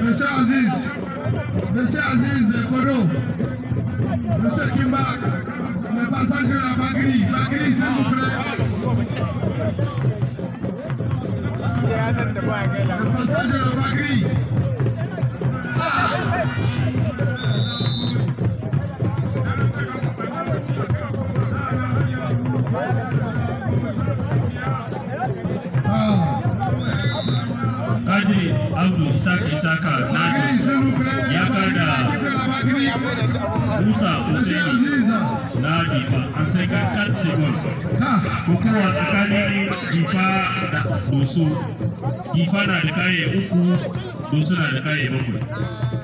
Mr. Aziz, Mr. Aziz Ekodo, eh, le a Mac, le passage de la Bagri, Bagri s'il vous plaît. Le passage de la Ah. Adi Saka Saka Musa Hussein na Difa an sai ka karce gol. Hukuwa tsakanin Difa da Doso. Difa na da kaye uku, musu na da kaye bakwai.